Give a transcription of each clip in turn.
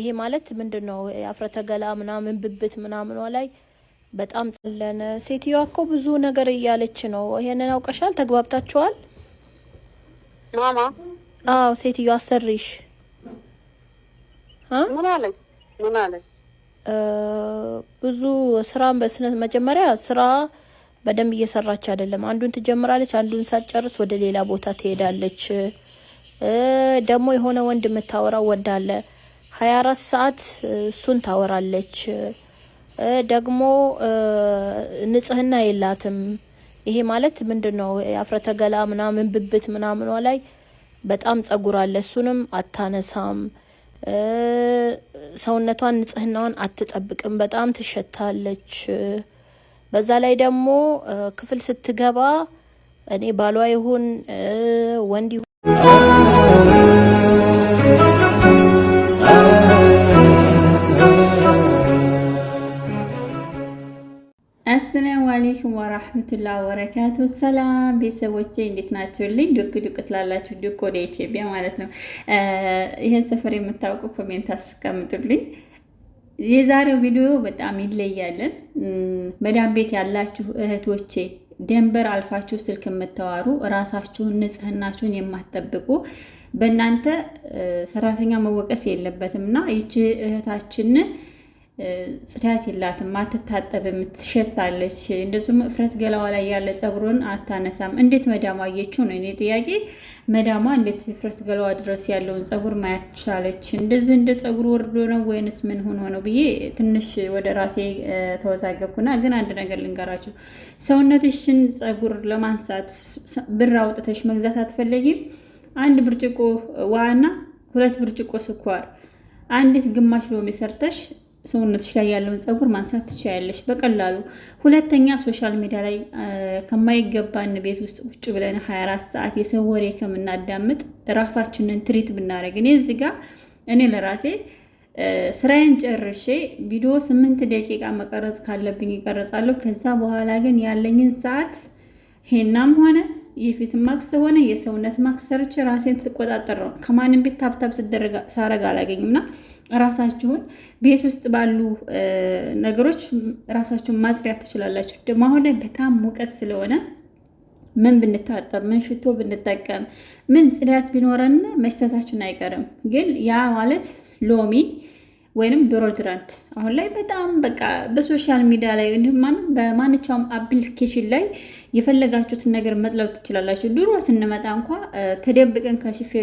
ይሄ ማለት ምንድን ነው? አፍረተ ገላ ምናምን ብብት ምናምኗ ላይ በጣም ጸለነ። ሴትዮዋ እኮ ብዙ ነገር እያለች ነው። ይሄንን አውቀሻል? ተግባብታችኋል? ማማ አዎ፣ ሴትዮ አሰሪሽ ምን ብዙ ስራን በስነ መጀመሪያ ስራ በደንብ እየሰራች አይደለም። አንዱን ትጀምራለች፣ አንዱን ሳትጨርስ ወደ ሌላ ቦታ ትሄዳለች። ደግሞ የሆነ ወንድ የምታወራው ወዳለ ሀያ አራት ሰዓት እሱን ታወራለች። ደግሞ ንጽህና የላትም። ይሄ ማለት ምንድን ነው? የአፍረተ ገላ ምናምን ብብት ምናምኗ ላይ በጣም ጸጉር አለ። እሱንም አታነሳም። ሰውነቷን ንጽህናዋን አትጠብቅም። በጣም ትሸታለች። በዛ ላይ ደግሞ ክፍል ስትገባ እኔ ባሏ ይሁን ወንድ ይሁን ወራህመቱላሂ ወበረካቱ። ሰላም ቤተሰቦቼ እንዴት ናችሁልኝ? ዱቅ ዱቅ ትላላችሁ፣ ዱቅ ወደ ኢትዮጵያ ማለት ነው። ይህን ሰፈር የምታውቁ ኮሜንት አስቀምጡልኝ። የዛሬው ቪዲዮ በጣም ይለያለን። መዳም ቤት ያላችሁ እህቶቼ ደንበር አልፋችሁ ስልክ የምታዋሩ ራሳችሁን ንጽህናችሁን የማትጠብቁ በእናንተ ሰራተኛ መወቀስ የለበትም እና ይቺ እህታችንን ጽዳት የላትም፣ አትታጠብም፣ ትሸታለች። እንደዚሁም እፍረት ገላዋ ላይ ያለ ጸጉሩን አታነሳም። እንዴት መዳሟ አየችው ነው እኔ ጥያቄ። መዳሟ እንዴት እፍረት ገላዋ ድረስ ያለውን ጸጉር ማየት ቻለች? እንደዚህ እንደ ፀጉር ወርዶ ነው ወይንስ ምን ሆኖ ነው ብዬ ትንሽ ወደ ራሴ ተወዛገብኩና፣ ግን አንድ ነገር ልንገራችሁ። ሰውነትሽን ጸጉር ለማንሳት ብር አውጥተሽ መግዛት አትፈለጊም? አንድ ብርጭቆ ውሃና ሁለት ብርጭቆ ስኳር፣ አንዲት ግማሽ ሎሚ ሰርተሽ ሰውነትሽ ላይ ያለውን ፀጉር ማንሳት ትችያለሽ በቀላሉ። ሁለተኛ ሶሻል ሚዲያ ላይ ከማይገባን ቤት ውስጥ ውጭ ብለን 24 ሰዓት የሰው ወሬ ከምናዳምጥ ራሳችንን ትሪት ብናደረግ። እኔ እዚህ ጋር እኔ ለራሴ ስራዬን ጨርሼ ቪዲዮ ስምንት ደቂቃ መቀረጽ ካለብኝ ይቀረጻለሁ። ከዛ በኋላ ግን ያለኝን ሰዓት ሄናም ሆነ የፊት ማክስ ሆነ የሰውነት ማክስ ሰርቼ ራሴን ትቆጣጠር ነው። ከማንም ቤት ታብታብ ሳረግ አላገኝም እና ራሳችሁን ቤት ውስጥ ባሉ ነገሮች ራሳችሁን ማጽዳት ትችላላችሁ። ደግሞ አሁን ላይ በጣም ሙቀት ስለሆነ ምን ብንታጠብ ምን ሽቶ ብንጠቀም ምን ጽዳት ቢኖረን መሽተታችን አይቀርም። ግን ያ ማለት ሎሚ ወይንም ዶሮድራንት አሁን ላይ በጣም በቃ በሶሻል ሚዲያ ላይ እንዲሁም በማንኛውም አፕሊኬሽን ላይ የፈለጋችሁትን ነገር መጥለብ ትችላላችሁ። ድሮ ስንመጣ እንኳ ተደብቀን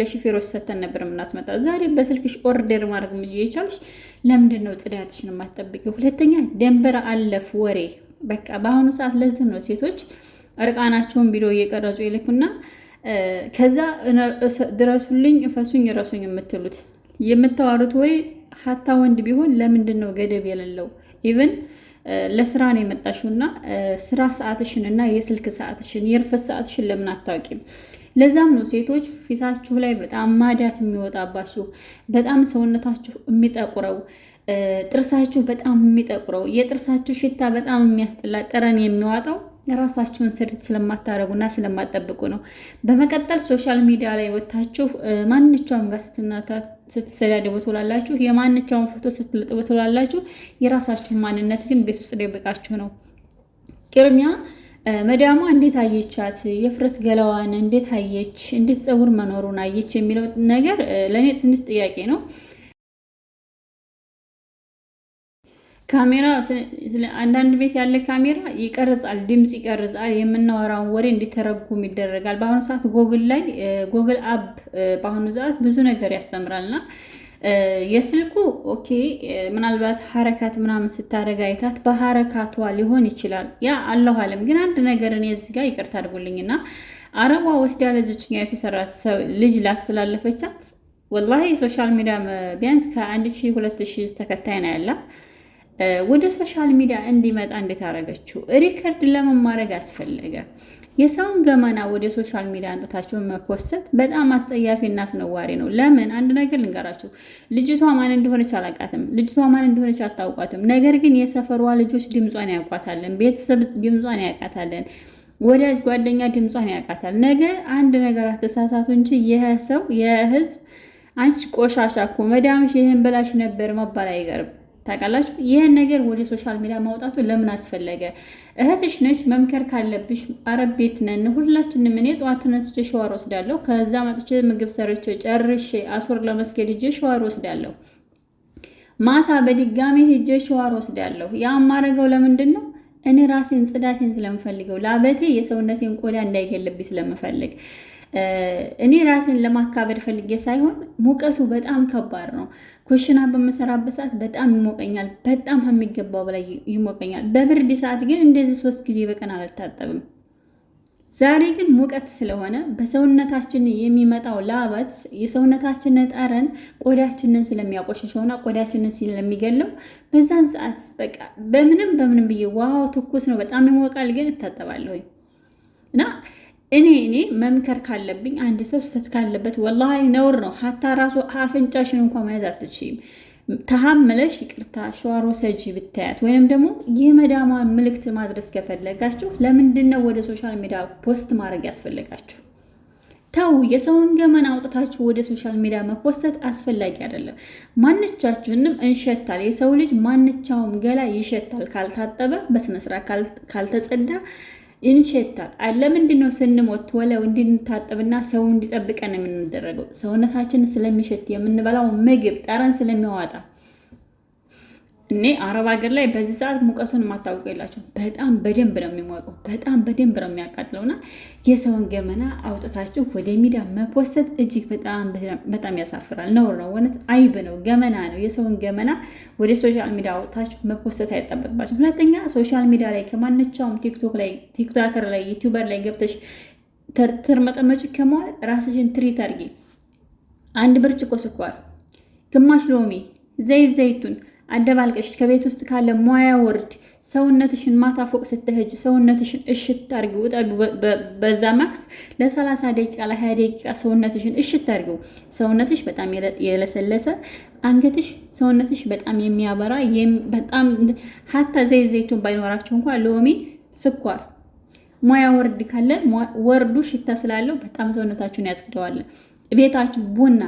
ለሹፌሮች ሰተን ነበር የምናስመጣ። ዛሬ በስልክሽ ኦርደር ማድረግ የቻልሽ ለምንድን ነው ጽዳትሽን የማትጠብቂ? ሁለተኛ ደንበር አለፍ ወሬ በቃ በአሁኑ ሰዓት ለዚህ ነው ሴቶች እርቃናቸውን ቪዲዮ እየቀረጹ ይልኩና ከዛ ድረሱልኝ፣ እፈሱኝ፣ ረሱኝ የምትሉት የምታዋሩት ወሬ ሀታ ወንድ ቢሆን ለምንድን ነው ገደብ የሌለው? ኢቨን ለስራ ነው የመጣሽው እና ስራ ሰዓትሽን እና የስልክ ሰዓትሽን የእርፈት ሰዓትሽን ለምን አታውቂም? ለዛም ነው ሴቶች ፊታችሁ ላይ በጣም ማዳት የሚወጣባችሁ፣ በጣም ሰውነታችሁ የሚጠቁረው፣ ጥርሳችሁ በጣም የሚጠቁረው፣ የጥርሳችሁ ሽታ በጣም የሚያስጠላ ጠረን የሚዋጣው ራሳችሁን ስርት ስለማታረጉና ስለማጠብቁ ነው። በመቀጠል ሶሻል ሚዲያ ላይ ወታችሁ ማንቸውም ጋር ስትሰዳደቡ ትውላላችሁ። የማንቸውን ፎቶ ስትለጥቡ ትውላላችሁ። የራሳችሁን ማንነት ግን ቤት ውስጥ ደብቃችሁ ነው። ቅድሚያ መዳሟ እንዴት አየቻት? የፍረት ገላዋን እንዴት አየች? እንዴት ፀጉር መኖሩን አየች? የሚለው ነገር ለእኔ ትንሽ ጥያቄ ነው። ካሜራ አንዳንድ ቤት ያለ ካሜራ ይቀርጻል፣ ድምፅ ይቀርጻል፣ የምናወራውን ወሬ እንዲተረጉም ይደረጋል። በአሁኑ ሰዓት ጎግል ላይ ጎግል አፕ በአሁኑ ሰዓት ብዙ ነገር ያስተምራልና የስልኩ ኦኬ ምናልባት ሀረካት ምናምን ስታደረግ አይታት በሀረካቷ ሊሆን ይችላል። ያ አለሁ አለም ግን አንድ ነገርን የዚህ ጋር ይቅርታ አድርጉልኝና አረቧ ወስዳ ሰራት ሰው ልጅ ላስተላለፈቻት ወላሂ ሶሻል ሚዲያ ቢያንስ ከአንድ ሺህ ሁለት ሺህ ተከታይ ነው ያላት ወደ ሶሻል ሚዲያ እንዲመጣ እንዴት አደረገችው? ሪከርድ ለምን ማድረግ አስፈለገ? የሰውን ገመና ወደ ሶሻል ሚዲያ አንጥታቸውን መኮሰት በጣም አስጠያፊ እና አስነዋሪ ነው። ለምን አንድ ነገር ልንገራችሁ። ልጅቷ ማን እንደሆነች አላውቃትም። ልጅቷ ማን እንደሆነች አታውቋትም። ነገር ግን የሰፈሯ ልጆች ድምጿን ያውቋታለን፣ ቤተሰብ ድምጿን ያውቃታለን፣ ወዳጅ ጓደኛ ድምጿን ያውቃታል። ነገ አንድ ነገር አተሳሳቱ እንጂ ይህ ሰው የህዝብ አንቺ ቆሻሻ እኮ መዳምሽ ይህን ብላሽ ነበር መባል አይቀርም። ታውቃላችሁ። ይህን ነገር ወደ ሶሻል ሚዲያ ማውጣቱ ለምን አስፈለገ? እህትሽ ነች፣ መምከር ካለብሽ አረብ ቤት ነን ሁላችንም። እኔ ጠዋት ተነስቼ ሸዋር ወስዳለሁ። ከዛ መጥቼ ምግብ ሰርቼ ጨርሼ አሱር ለመስገድ ሄጄ ሸዋር ወስዳለሁ። ማታ በድጋሚ ሄጄ ሸዋር ወስዳለሁ። ያ ማረገው ለምንድን ነው? እኔ ራሴን ጽዳቴን ስለምፈልገው፣ ላበቴ የሰውነቴን ቆዳ እንዳይገልብኝ ስለምፈልግ እኔ ራሴን ለማካበድ ፈልጌ ሳይሆን ሙቀቱ በጣም ከባድ ነው። ኩሽና በመሰራበት ሰዓት በጣም ይሞቀኛል። በጣም ከሚገባው በላይ ይሞቀኛል። በብርድ ሰዓት ግን እንደዚህ ሶስት ጊዜ በቀን አልታጠብም። ዛሬ ግን ሙቀት ስለሆነ በሰውነታችን የሚመጣው ላበት የሰውነታችንን ጠረን ቆዳችንን ስለሚያቆሸሸውና ቆዳችንን ስለሚገለው በዛን ሰዓት በቃ በምንም በምንም ብዬ ውሃው ትኩስ ነው፣ በጣም ይሞቃል፣ ግን እታጠባለሁ እና እኔ እኔ መምከር ካለብኝ አንድ ሰው ስተት ካለበት ወላሂ ነውር ነው። ሀታ ራሱ አፍንጫሽን እንኳ መያዝ አትችይም። ተሐምለሽ ይቅርታ ሸዋሮ ሰጂ ብታያት ወይንም ደግሞ የመዳሟን ምልክት ማድረስ ከፈለጋችሁ ለምንድን ነው ወደ ሶሻል ሚዲያ ፖስት ማድረግ ያስፈለጋችሁ? ተው፣ የሰውን ገመና አውጥታችሁ ወደ ሶሻል ሚዲያ መፖሰት አስፈላጊ አይደለም። ማንቻችሁንም እንሸታል። የሰው ልጅ ማንቻውም ገላ ይሸታል፣ ካልታጠበ በስነስርዓት ካልተጸዳ ይንሸታል። ለምንድን ነው ስንሞት ወለው እንድንታጠብና ሰው እንዲጠብቀን የምንደረገው? ሰውነታችን ስለሚሸት የምንበላው ምግብ ጠረን ስለሚያዋጣ እኔ አረብ ሀገር ላይ በዚህ ሰዓት ሙቀቱን የማታውቁ የላቸው። በጣም በደንብ ነው የሚሞቀው፣ በጣም በደንብ ነው የሚያቃጥለው እና የሰውን ገመና አውጥታችሁ ወደ ሚዲያ መፖሰት እጅግ በጣም ያሳፍራል። ነውር ነው፣ ወነት አይብ ነው፣ ገመና ነው። የሰውን ገመና ወደ ሶሻል ሚዲያ አውጥታችሁ መፖሰት አይጠበቅባቸው። ሁለተኛ ሶሻል ሚዲያ ላይ ከማንቻውም ቲክቶክ ላይ ቲክቶከር ላይ ዩቲዩበር ላይ ገብተሽ ትርመጠመጭ ከመዋል ራስሽን ትሪት አድርጊ። አንድ ብርጭቆ ስኳር፣ ግማሽ ሎሚ፣ ዘይት ዘይቱን አደባልቀሽ ከቤት ውስጥ ካለ ሙያ ወርድ ሰውነትሽን ማታ ፎቅ ስትሄጅ ሰውነትሽን እሽት አድርጊው። በዛ ማክስ ለ30 ደቂቃ ለ20 ደቂቃ ሰውነትሽን እሽት አድርጊው። ሰውነትሽ በጣም የለሰለሰ አንገትሽ፣ ሰውነትሽ በጣም የሚያበራ በጣም ሀታ ዘይ ዘይቱን ባይኖራቸው እንኳ ሎሚ፣ ስኳር፣ ሙያ ወርድ ካለ ወርዱ ሽታ ስላለው በጣም ሰውነታችሁን ያጽደዋል። ቤታችሁ ቡና፣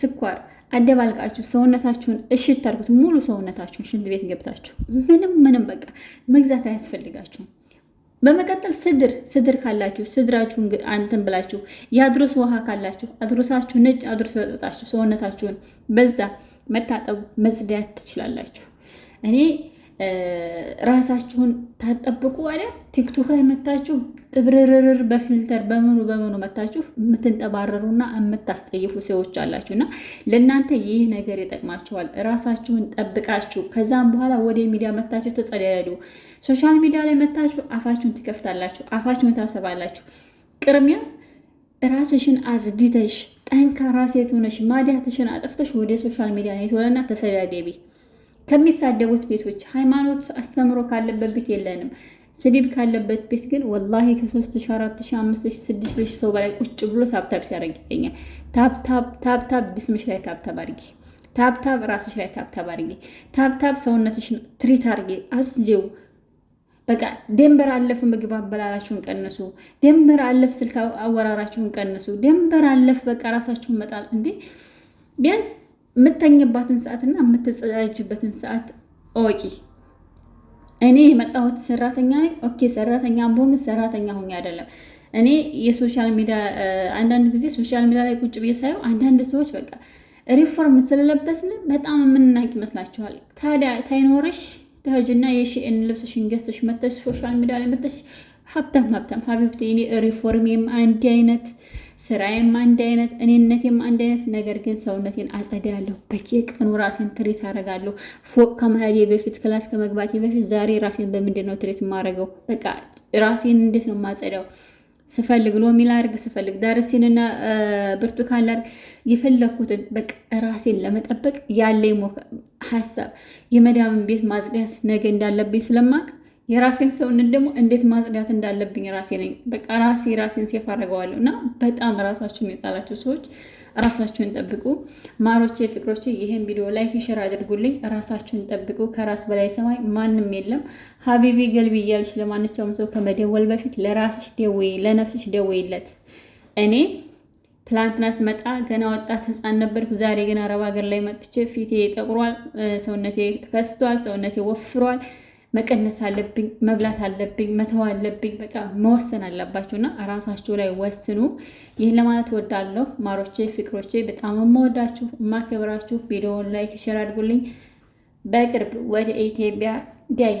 ስኳር አደባልቃችሁ ሰውነታችሁን እሽት ታርጉት። ሙሉ ሰውነታችሁን ሽንት ቤት ገብታችሁ ምንም ምንም በቃ መግዛት አያስፈልጋችሁም። በመቀጠል ስድር ስድር ካላችሁ ስድራችሁ አንተን ብላችሁ የአድሮስ ውሃ ካላችሁ አድሮሳችሁ ነጭ አድሮስ በጠጣችሁ ሰውነታችሁን በዛ መታጠብ መጽዳት ትችላላችሁ። እኔ ራሳችሁን ታጠብቁ አለ። ቲክቶክ ላይ መታችሁ ጥብርርር በፊልተር በምኑ በምኑ መታችሁ የምትንጠባረሩና የምታስጠይፉ ሰዎች አላችሁ እና ለእናንተ ይህ ነገር ይጠቅማችኋል። ራሳችሁን ጠብቃችሁ ከዛም በኋላ ወደ ሚዲያ መታችሁ ተጸዳያሉ። ሶሻል ሚዲያ ላይ መታችሁ አፋችሁን ትከፍታላችሁ፣ አፋችሁን ታሰባላችሁ። ቅድሚያ ራስሽን አዝዲተሽ ጠንካራ ሴት ሆነሽ ማዲያትሽን አጠፍተሽ ወደ ሶሻል ሚዲያ ኔትወለና ተሰዳደቢ ከሚሳደቡት ቤቶች ሃይማኖት አስተምሮ ካለበት ቤት የለንም። ስድብ ካለበት ቤት ግን ወላሂ ከ 3 4 ሰው በላይ ቁጭ ብሎ ታብታብ ሲያደርግ ይገኛል። ታብታብ ድስምሽ ላይ ታብታብ አድርጊ፣ ታብታብ ራስሽ ላይ ታብታብ አድርጊ፣ ታብታብ ሰውነትሽን ትሪት አድርጊ፣ አስጀው በቃ ደንበር አለፍ ምግብ አበላላችሁን ቀንሱ። ደንበር አለፍ ስልክ አወራራችሁን ቀንሱ። ደንበር አለፍ በቃ ራሳችሁን መጣል እንዴ ቢያንስ የምተኝባትን ሰዓትና የምትጸዳጅበትን ሰዓት እወቂ። እኔ የመጣሁት ሰራተኛ ኦኬ፣ ሰራተኛ ብሆን ሰራተኛ ሆኜ አይደለም። እኔ የሶሻል ሚዲያ አንዳንድ ጊዜ ሶሻል ሚዲያ ላይ ቁጭ ብዬ ሳየው አንዳንድ ሰዎች በቃ ሪፎርም ስለለበስን በጣም የምንናቅ ይመስላችኋል። ታዲያ ታይኖርሽ ተጅና የሽን ልብስሽን ገዝተሽ መተሽ ሶሻል ሚዲያ ላይ መተሽ ሀብታም ሀብታም ሀቢብቴ እኔ ሪፎርሜም አንድ አይነት ስራዬም አንድ አይነት እኔነቴም አንድ አይነት፣ ነገር ግን ሰውነቴን አጸዳለሁ። በየቀኑ ራሴን ትሬት አደርጋለሁ። ፎቅ ከመሄዴ በፊት ክላስ ከመግባቴ በፊት ዛሬ ራሴን በምንድን ነው ትሬት የማደርገው? በቃ ራሴን እንዴት ነው የማጸዳው? ስፈልግ ሎሚ ላርግ፣ ስፈልግ ዳርሲንና ብርቱካን ላርግ፣ የፈለግኩትን በቃ ራሴን ለመጠበቅ ያለኝ ሀሳብ የመዳምን ቤት ማጽዳት ነገ እንዳለብኝ ስለማቅ የራሴን ሰውነት ደግሞ እንዴት ማጽዳት እንዳለብኝ ራሴ ነኝ። በቃ ራሴ ራሴን ሴፍ አደርገዋለሁ። እና በጣም ራሳችሁን የጣላችሁ ሰዎች ራሳችሁን ጠብቁ። ማሮቼ፣ ፍቅሮቼ ይህን ቪዲዮ ላይክ፣ ሼር አድርጉልኝ። ራሳችሁን ጠብቁ። ከራስ በላይ ሰማይ ማንም የለም። ሀቢቢ ገልቢ እያልሽ ለማንኛውም ሰው ከመደወል በፊት ለራስሽ ደውዪ፣ ለነፍስሽ ደውዪለት። እኔ ትላንትና ስመጣ ገና ወጣት ሕፃን ነበርኩ። ዛሬ ግን አረብ ሀገር ላይ መጥቼ ፊቴ ጠቁሯል፣ ሰውነቴ ከስቷል፣ ሰውነቴ ወፍሯል። መቀነስ አለብኝ፣ መብላት አለብኝ፣ መተው አለብኝ፣ በቃ መወሰን አለባችሁ እና ራሳችሁ ላይ ወስኑ። ይህን ለማለት ወዳለሁ። ማሮቼ፣ ፍቅሮቼ በጣም የምወዳችሁ የማከብራችሁ፣ ቪዲዮውን ላይክ፣ ሼር አድርጉልኝ። በቅርብ ወደ ኢትዮጵያ ዳይ